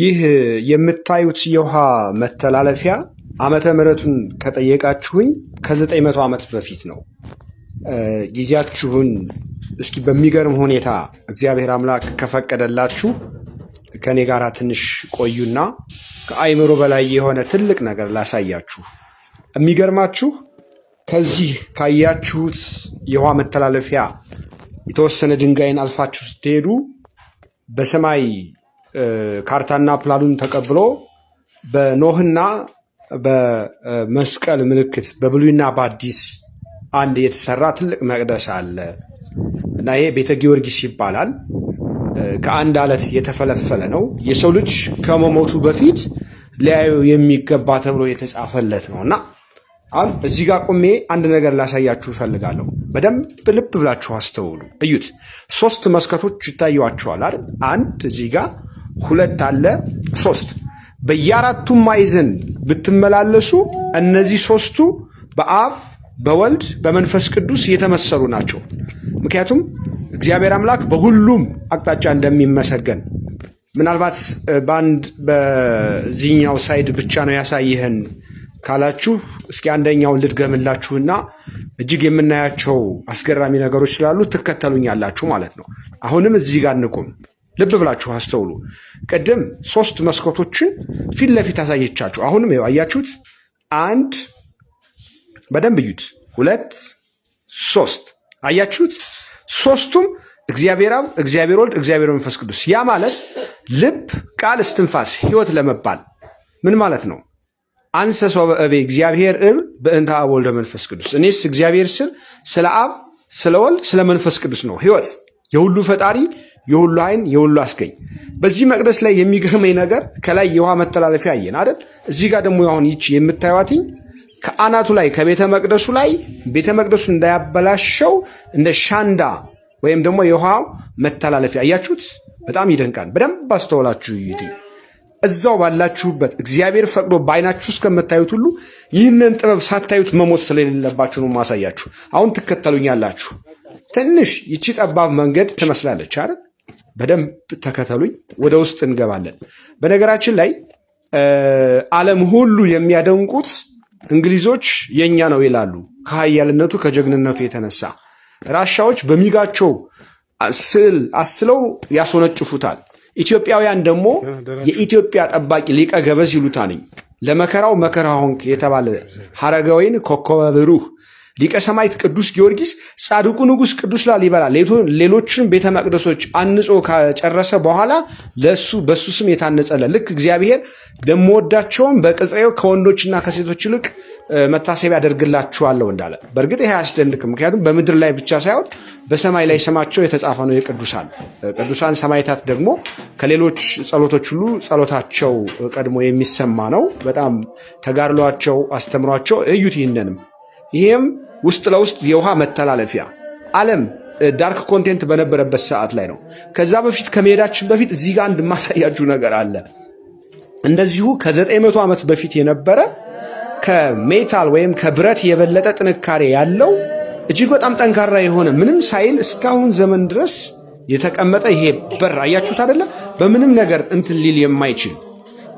ይህ የምታዩት የውሃ መተላለፊያ ዓመተ ምሕረቱን ከጠየቃችሁኝ ከዘጠኝ መቶ ዓመት በፊት ነው። ጊዜያችሁን እስኪ በሚገርም ሁኔታ እግዚአብሔር አምላክ ከፈቀደላችሁ ከእኔ ጋር ትንሽ ቆዩና ከአይምሮ በላይ የሆነ ትልቅ ነገር ላሳያችሁ። የሚገርማችሁ ከዚህ ካያችሁት የውሃ መተላለፊያ የተወሰነ ድንጋይን አልፋችሁ ስትሄዱ በሰማይ ካርታና ፕላኑን ተቀብሎ በኖህና በመስቀል ምልክት በብሉይና በአዲስ አንድ የተሰራ ትልቅ መቅደስ አለ እና ይሄ ቤተ ጊዮርጊስ ይባላል። ከአንድ አለት የተፈለፈለ ነው። የሰው ልጅ ከመሞቱ በፊት ሊያዩ የሚገባ ተብሎ የተጻፈለት ነው እና አሁን እዚህ ጋር ቁሜ አንድ ነገር ላሳያችሁ እፈልጋለሁ። በደንብ ልብ ብላችሁ አስተውሉ፣ እዩት። ሶስት መስከቶች ይታዩዋችኋል አይደል? አንድ እዚህ ጋር ሁለት አለ ሶስት። በየአራቱም ማዕዘን ብትመላለሱ እነዚህ ሶስቱ በአብ በወልድ በመንፈስ ቅዱስ የተመሰሉ ናቸው። ምክንያቱም እግዚአብሔር አምላክ በሁሉም አቅጣጫ እንደሚመሰገን ምናልባት በአንድ በዚህኛው ሳይድ ብቻ ነው ያሳይህን ካላችሁ እስኪ አንደኛውን ልድገምላችሁና እጅግ የምናያቸው አስገራሚ ነገሮች ስላሉ ትከተሉኛላችሁ ማለት ነው። አሁንም እዚህ ጋር ንቁም። ልብ ብላችሁ አስተውሉ። ቅድም ሶስት መስኮቶችን ፊት ለፊት አሳየቻችሁ። አሁንም አያችሁት? አንድ በደንብ እዩት። ሁለት፣ ሶስት አያችሁት? ሶስቱም እግዚአብሔር አብ፣ እግዚአብሔር ወልድ፣ እግዚአብሔር መንፈስ ቅዱስ። ያ ማለት ልብ፣ ቃል፣ እስትንፋስ፣ ህይወት ለመባል ምን ማለት ነው? አንሰሶ በእቤ እግዚአብሔር እብ በእንተ አብ ወልደ መንፈስ ቅዱስ። እኔስ እግዚአብሔር ስል ስለ አብ ስለ ወልድ ስለ መንፈስ ቅዱስ ነው። ህይወት የሁሉ ፈጣሪ የሁሉ አይን የሁሉ አስገኝ። በዚህ መቅደስ ላይ የሚገርመኝ ነገር ከላይ የውሃ መተላለፊያ አየን አይደል? እዚህ ጋር ደግሞ አሁን ይቺ የምታዩትኝ ከአናቱ ላይ ከቤተ መቅደሱ ላይ ቤተ መቅደሱ እንዳያበላሸው እንደ ሻንዳ ወይም ደግሞ የውሃ መተላለፊያ አያችሁት? በጣም ይደንቃል። በደንብ አስተውላችሁ ይት እዛው ባላችሁበት እግዚአብሔር ፈቅዶ በአይናችሁ እስከምታዩት ሁሉ ይህንን ጥበብ ሳታዩት መሞት ስለሌለባችሁ ነው ማሳያችሁ። አሁን ትከተሉኛላችሁ። ትንሽ ይቺ ጠባብ መንገድ ትመስላለች አይደል? በደንብ ተከተሉኝ። ወደ ውስጥ እንገባለን። በነገራችን ላይ ዓለም ሁሉ የሚያደንቁት እንግሊዞች የእኛ ነው ይላሉ፣ ከሀያልነቱ ከጀግንነቱ የተነሳ ራሻዎች በሚጋቸው ስዕል አስለው ያስወነጭፉታል። ኢትዮጵያውያን ደግሞ የኢትዮጵያ ጠባቂ ሊቀ ገበዝ ነኝ ለመከራው መከራ ሆንክ የተባለ ሀረገወይን ኮከበ ብሩህ ሊቀ ሰማዕት ቅዱስ ጊዮርጊስ ጻድቁ ንጉሥ ቅዱስ ላሊበላ ሌሎችን ቤተ መቅደሶች አንጾ ከጨረሰ በኋላ ለሱ በሱ ስም የታነጸለ ልክ እግዚአብሔር ደምወዳቸውም በቅጽሬው ከወንዶችና ከሴቶች ይልቅ መታሰቢያ ያደርግላችኋለሁ እንዳለ። በእርግጥ ይህ አያስደንቅም፣ ምክንያቱም በምድር ላይ ብቻ ሳይሆን በሰማይ ላይ ስማቸው የተጻፈ ነው። የቅዱሳን ቅዱሳን ሰማዕታት ደግሞ ከሌሎች ጸሎቶች ሁሉ ጸሎታቸው ቀድሞ የሚሰማ ነው። በጣም ተጋድሏቸው፣ አስተምሯቸው እዩት ይህንንም ይህም ውስጥ ለውስጥ የውሃ መተላለፊያ ዓለም ዳርክ ኮንቴንት በነበረበት ሰዓት ላይ ነው። ከዛ በፊት ከመሄዳችን በፊት እዚህ ጋር እንድማሳያችሁ ነገር አለ። እንደዚሁ ከ900 ዓመት በፊት የነበረ ከሜታል ወይም ከብረት የበለጠ ጥንካሬ ያለው እጅግ በጣም ጠንካራ የሆነ ምንም ሳይል እስካሁን ዘመን ድረስ የተቀመጠ ይሄ በር አያችሁት አይደለ? በምንም ነገር እንትን ሊል የማይችል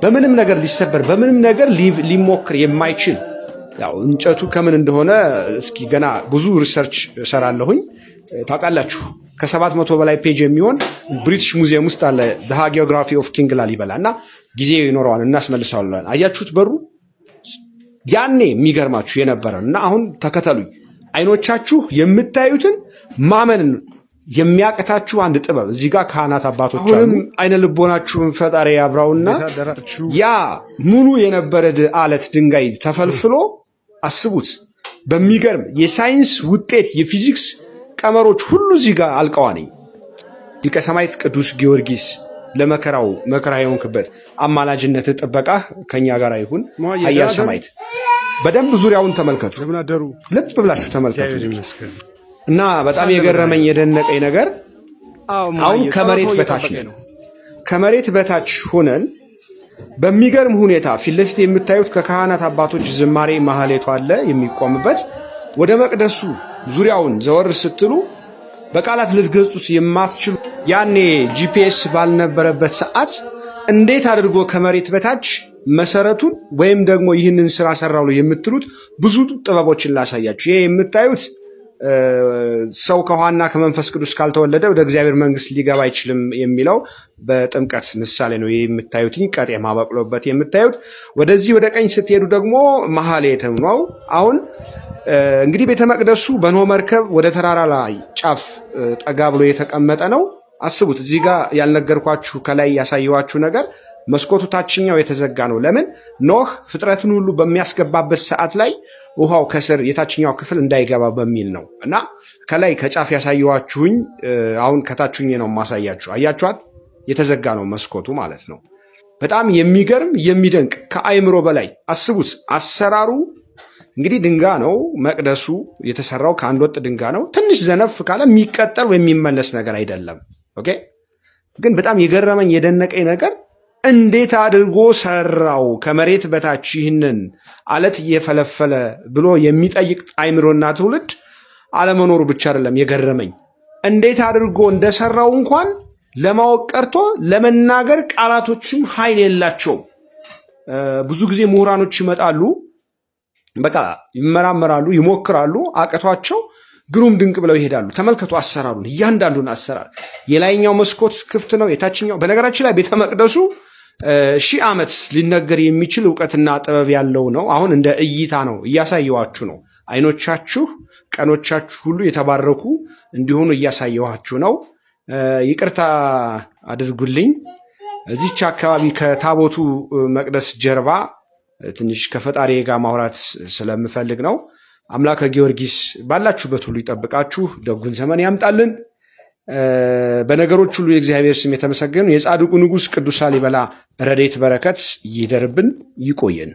በምንም ነገር ሊሰበር በምንም ነገር ሊሞክር የማይችል ያው እንጨቱ ከምን እንደሆነ እስኪ ገና ብዙ ሪሰርች እሰራለሁኝ። ታውቃላችሁ ከሰባት መቶ በላይ ፔጅ የሚሆን ብሪቲሽ ሙዚየም ውስጥ አለ ዘ ጂኦግራፊ ኦፍ ኪንግ ላሊበላ እና ጊዜ ይኖረዋል እናስመልሰዋለን። አያችሁት በሩ ያኔ የሚገርማችሁ የነበረ እና አሁን ተከተሉኝ። አይኖቻችሁ የምታዩትን ማመን የሚያቀታችሁ አንድ ጥበብ እዚህ ጋር ካህናት አባቶች አሁንም አይነ ልቦናችሁን ፈጣሪ ያብራውና ያ ሙሉ የነበረ አለት ድንጋይ ተፈልፍሎ አስቡት። በሚገርም የሳይንስ ውጤት የፊዚክስ ቀመሮች ሁሉ እዚህ ጋር አልቀዋ ነኝ። ሊቀ ሰማዕት ቅዱስ ጊዮርጊስ ለመከራው መከራ የሆንክበት አማላጅነት ጥበቃ ከኛ ጋር ይሁን። ሀያል ሰማዕት በደንብ ዙሪያውን ተመልከቱ፣ ልብ ብላችሁ ተመልከቱ። እና በጣም የገረመኝ የደነቀኝ ነገር አሁን ከመሬት በታች ነው። ከመሬት በታች ሆነን በሚገርም ሁኔታ ፊት ለፊት የምታዩት ከካህናት አባቶች ዝማሬ ማህሌቷ አለ የሚቆምበት። ወደ መቅደሱ ዙሪያውን ዘወር ስትሉ በቃላት ልትገልጹት የማትችሉ ያኔ ጂፒኤስ ባልነበረበት ሰዓት እንዴት አድርጎ ከመሬት በታች መሰረቱን ወይም ደግሞ ይህንን ስራ ሰራሉ የምትሉት ብዙ ጥበቦችን ላሳያችሁ። ይሄ የምታዩት ሰው ከውሃና ከመንፈስ ቅዱስ ካልተወለደ ወደ እግዚአብሔር መንግስት ሊገባ አይችልም የሚለው በጥምቀት ምሳሌ ነው። የምታዩት ቀጤማ በቅሎበት የምታዩት። ወደዚህ ወደ ቀኝ ስትሄዱ ደግሞ መሐሌት ነው። አሁን እንግዲህ ቤተ መቅደሱ በኖ መርከብ ወደ ተራራ ላይ ጫፍ ጠጋ ብሎ የተቀመጠ ነው። አስቡት። እዚህ ጋር ያልነገርኳችሁ ከላይ ያሳየኋችሁ ነገር መስኮቱ ታችኛው የተዘጋ ነው። ለምን? ኖህ ፍጥረትን ሁሉ በሚያስገባበት ሰዓት ላይ ውሃው ከስር የታችኛው ክፍል እንዳይገባ በሚል ነው እና ከላይ ከጫፍ ያሳየኋችሁኝ አሁን ከታችኝ ነው ማሳያችሁ። አያችኋት? የተዘጋ ነው መስኮቱ ማለት ነው። በጣም የሚገርም የሚደንቅ ከአእምሮ በላይ አስቡት። አሰራሩ እንግዲህ ድንጋ ነው መቅደሱ የተሰራው ከአንድ ወጥ ድንጋ ነው። ትንሽ ዘነፍ ካለ የሚቀጠል ወይም የሚመለስ ነገር አይደለም። ኦኬ። ግን በጣም የገረመኝ የደነቀኝ ነገር እንዴት አድርጎ ሰራው ከመሬት በታች ይህንን አለት እየፈለፈለ ብሎ የሚጠይቅ አይምሮና ትውልድ አለመኖሩ ብቻ አይደለም የገረመኝ፣ እንዴት አድርጎ እንደሰራው እንኳን ለማወቅ ቀርቶ ለመናገር ቃላቶችም ኃይል የላቸውም። ብዙ ጊዜ ምሁራኖች ይመጣሉ፣ በቃ ይመራመራሉ፣ ይሞክራሉ፣ አቅቷቸው ግሩም ድንቅ ብለው ይሄዳሉ። ተመልከቱ አሰራሩን፣ እያንዳንዱን አሰራር የላይኛው መስኮት ክፍት ነው፣ የታችኛው። በነገራችን ላይ ቤተ መቅደሱ ሺህ ዓመት ሊነገር የሚችል እውቀትና ጥበብ ያለው ነው። አሁን እንደ እይታ ነው እያሳየዋችሁ ነው። አይኖቻችሁ፣ ቀኖቻችሁ ሁሉ የተባረኩ እንዲሆኑ እያሳየዋችሁ ነው። ይቅርታ አድርጉልኝ። እዚች አካባቢ ከታቦቱ መቅደስ ጀርባ ትንሽ ከፈጣሪ ጋር ማውራት ስለምፈልግ ነው። አምላከ ጊዮርጊስ ባላችሁበት ሁሉ ይጠብቃችሁ፣ ደጉን ዘመን ያምጣልን። በነገሮች ሁሉ የእግዚአብሔር ስም የተመሰገኑ የጻድቁ ንጉሥ ቅዱስ ላሊበላ ረዴት በረከት ይደርብን፣ ይቆየን።